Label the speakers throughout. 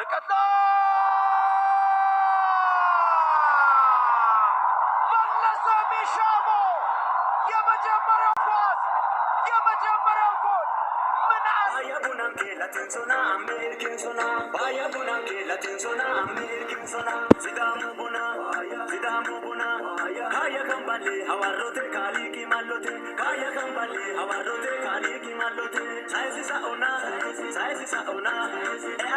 Speaker 1: रकदा ሻሞ የመጀመሪያው ኳስ የመጀመሪያው ጎል
Speaker 2: ምን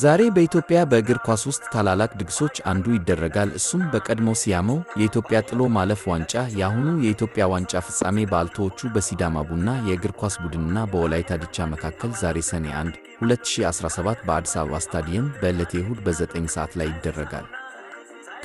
Speaker 3: ዛሬ በኢትዮጵያ በእግር ኳስ ውስጥ ታላላቅ ድግሶች አንዱ ይደረጋል። እሱም በቀድሞ ሲያመው የኢትዮጵያ ጥሎ ማለፍ ዋንጫ የአሁኑ የኢትዮጵያ ዋንጫ ፍጻሜ ባልቶዎቹ በሲዳማ ቡና የእግር ኳስ ቡድንና በወላይታ ዲቻ መካከል ዛሬ ሰኔ 1 2017 በአዲስ አበባ ስታዲየም በዕለተ እሁድ በ9 ሰዓት ላይ ይደረጋል።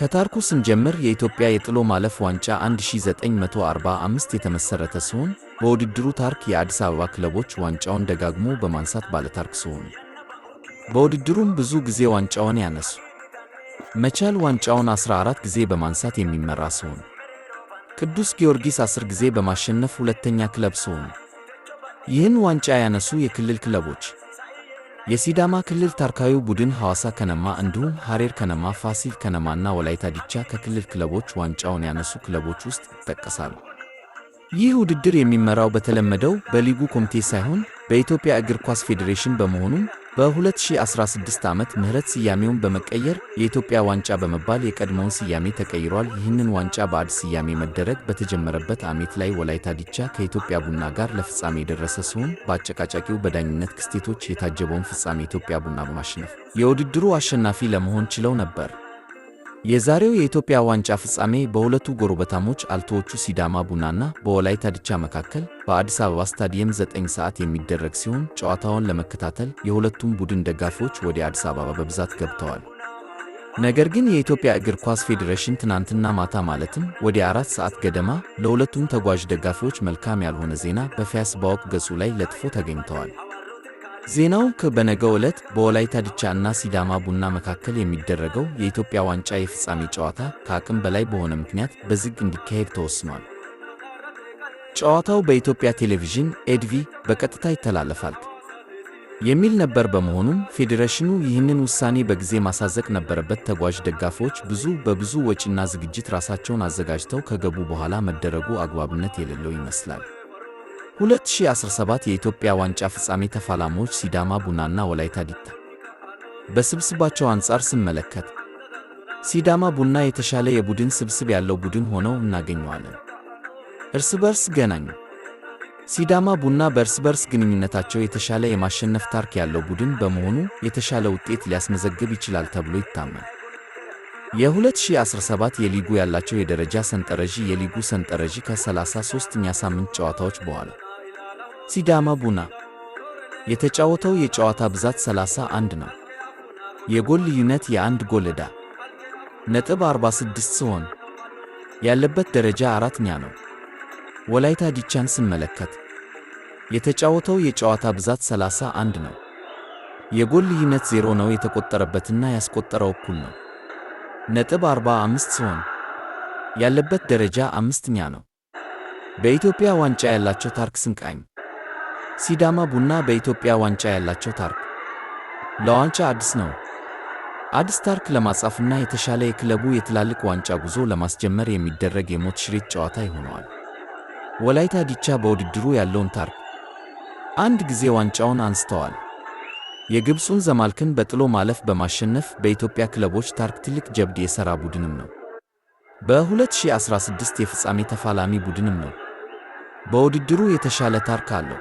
Speaker 3: ከታሪኩ ስንጀምር የኢትዮጵያ የጥሎ ማለፍ ዋንጫ 1945 የተመሠረተ ሲሆን በውድድሩ ታሪክ የአዲስ አበባ ክለቦች ዋንጫውን ደጋግሞ በማንሳት ባለታሪክ ሲሆኑ በውድድሩም ብዙ ጊዜ ዋንጫውን ያነሱ መቻል ዋንጫውን 14 ጊዜ በማንሳት የሚመራ ሲሆን ቅዱስ ጊዮርጊስ 10 ጊዜ በማሸነፍ ሁለተኛ ክለብ ሲሆን ይህን ዋንጫ ያነሱ የክልል ክለቦች የሲዳማ ክልል ታርካዩ ቡድን ሐዋሳ ከነማ እንዲሁም ሐሬር ከነማ፣ ፋሲል ከነማና ወላይታ ዲቻ ከክልል ክለቦች ዋንጫውን ያነሱ ክለቦች ውስጥ ይጠቀሳሉ። ይህ ውድድር የሚመራው በተለመደው በሊጉ ኮሚቴ ሳይሆን በኢትዮጵያ እግር ኳስ ፌዴሬሽን በመሆኑም በ2016 ዓመት ምህረት ስያሜውን በመቀየር የኢትዮጵያ ዋንጫ በመባል የቀድሞውን ስያሜ ተቀይሯል። ይህንን ዋንጫ በአዲስ ስያሜ መደረግ በተጀመረበት ዓመት ላይ ወላይታ ዲቻ ከኢትዮጵያ ቡና ጋር ለፍጻሜ የደረሰ ሲሆን በአጨቃጫቂው በዳኝነት ክስቴቶች የታጀበውን ፍጻሜ ኢትዮጵያ ቡና በማሸነፍ የውድድሩ አሸናፊ ለመሆን ችለው ነበር። የዛሬው የኢትዮጵያ ዋንጫ ፍጻሜ በሁለቱ ጎረቤታሞች አልቶዎቹ ሲዳማ ቡናና በወላይታ ድቻ መካከል በአዲስ አበባ ስታዲየም 9 ሰዓት የሚደረግ ሲሆን ጨዋታውን ለመከታተል የሁለቱም ቡድን ደጋፊዎች ወደ አዲስ አበባ በብዛት ገብተዋል። ነገር ግን የኢትዮጵያ እግር ኳስ ፌዴሬሽን ትናንትና ማታ ማለትም ወደ አራት ሰዓት ገደማ ለሁለቱም ተጓዥ ደጋፊዎች መልካም ያልሆነ ዜና በፌስቡክ ገጹ ላይ ለጥፎ ተገኝተዋል። ዜናው በነገ ዕለት በወላይታ ድቻ እና ሲዳማ ቡና መካከል የሚደረገው የኢትዮጵያ ዋንጫ የፍጻሜ ጨዋታ ከአቅም በላይ በሆነ ምክንያት በዝግ እንዲካሄድ ተወስኗል። ጨዋታው በኢትዮጵያ ቴሌቪዥን ኤድቪ በቀጥታ ይተላለፋል የሚል ነበር። በመሆኑም ፌዴሬሽኑ ይህንን ውሳኔ በጊዜ ማሳዘቅ ነበረበት። ተጓዥ ደጋፊዎች ብዙ በብዙ ወጪና ዝግጅት ራሳቸውን አዘጋጅተው ከገቡ በኋላ መደረጉ አግባብነት የሌለው ይመስላል። 2017 የኢትዮጵያ ዋንጫ ፍጻሜ ተፋላሚዎች ሲዳማ ቡናና ወላይታ ዲታ። በስብስባቸው አንጻር ስመለከት ሲዳማ ቡና የተሻለ የቡድን ስብስብ ያለው ቡድን ሆነው እናገኘዋለን። እርስ በርስ ገናኙ ሲዳማ ቡና በእርስ በርስ ግንኙነታቸው የተሻለ የማሸነፍ ታርክ ያለው ቡድን በመሆኑ የተሻለ ውጤት ሊያስመዘግብ ይችላል ተብሎ ይታመን። የ2017 የሊጉ ያላቸው የደረጃ ሰንጠረዥ የሊጉ ሰንጠረዥ ከ33ኛ ሳምንት ጨዋታዎች በኋላ ሲዳማ ቡና የተጫወተው የጨዋታ ብዛት 31 ነው። የጎል ልዩነት የአንድ ጎል ዕዳ ነጥብ 46 ሲሆን ያለበት ደረጃ አራተኛ ነው። ወላይታ ዲቻን ስንመለከት የተጫወተው የጨዋታ ብዛት 31 ነው። የጎል ልዩነት ዜሮ ነው። የተቆጠረበትና ያስቆጠረው እኩል ነው። ነጥብ 45 ሲሆን ያለበት ደረጃ አምስተኛ ነው። በኢትዮጵያ ዋንጫ ያላቸው ታሪክ ስንቃኝ ሲዳማ ቡና በኢትዮጵያ ዋንጫ ያላቸው ታርክ ለዋንጫ አዲስ ነው። አዲስ ታርክ ለማጻፍና የተሻለ የክለቡ የትላልቅ ዋንጫ ጉዞ ለማስጀመር የሚደረግ የሞት ሽሬት ጨዋታ ይሆነዋል። ወላይታ ዲቻ በውድድሩ ያለውን ታርክ አንድ ጊዜ ዋንጫውን አንስተዋል። የግብፁን ዘማልክን በጥሎ ማለፍ በማሸነፍ በኢትዮጵያ ክለቦች ታርክ ትልቅ ጀብድ የሠራ ቡድንም ነው። በ2016 የፍጻሜ ተፋላሚ ቡድንም ነው። በውድድሩ የተሻለ ታርክ አለው።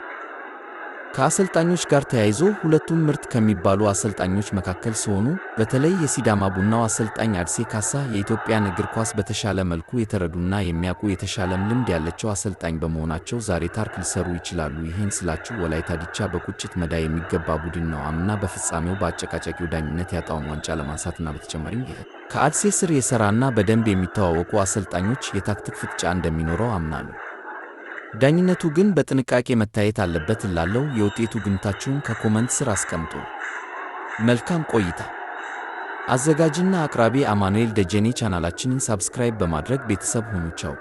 Speaker 3: ከአሰልጣኞች ጋር ተያይዞ ሁለቱም ምርጥ ከሚባሉ አሰልጣኞች መካከል ሲሆኑ በተለይ የሲዳማ ቡናው አሰልጣኝ አድሴ ካሳ የኢትዮጵያን እግር ኳስ በተሻለ መልኩ የተረዱና የሚያውቁ የተሻለም ልምድ ያለቸው አሰልጣኝ በመሆናቸው ዛሬ ታሪክ ሊሰሩ ይችላሉ። ይህን ስላችሁ ወላይታ ዲቻ በቁጭት መዳ የሚገባ ቡድን ነው። አምና በፍጻሜው በአጨቃጫቂው ዳኝነት ያጣውን ዋንጫ ለማንሳትና በተጨማሪም ከአድሴ ስር የሰራና በደንብ የሚተዋወቁ አሰልጣኞች የታክቲክ ፍጥጫ እንደሚኖረው ነው። ዳኝነቱ ግን በጥንቃቄ መታየት አለበት እላለሁ። የውጤቱ ግምታችሁን ከኮመንት ስር አስቀምጡ። መልካም ቆይታ። አዘጋጅና አቅራቢ አማኑኤል ደጀኔ። ቻናላችንን ሳብስክራይብ በማድረግ ቤተሰብ ሁኑ። ቻው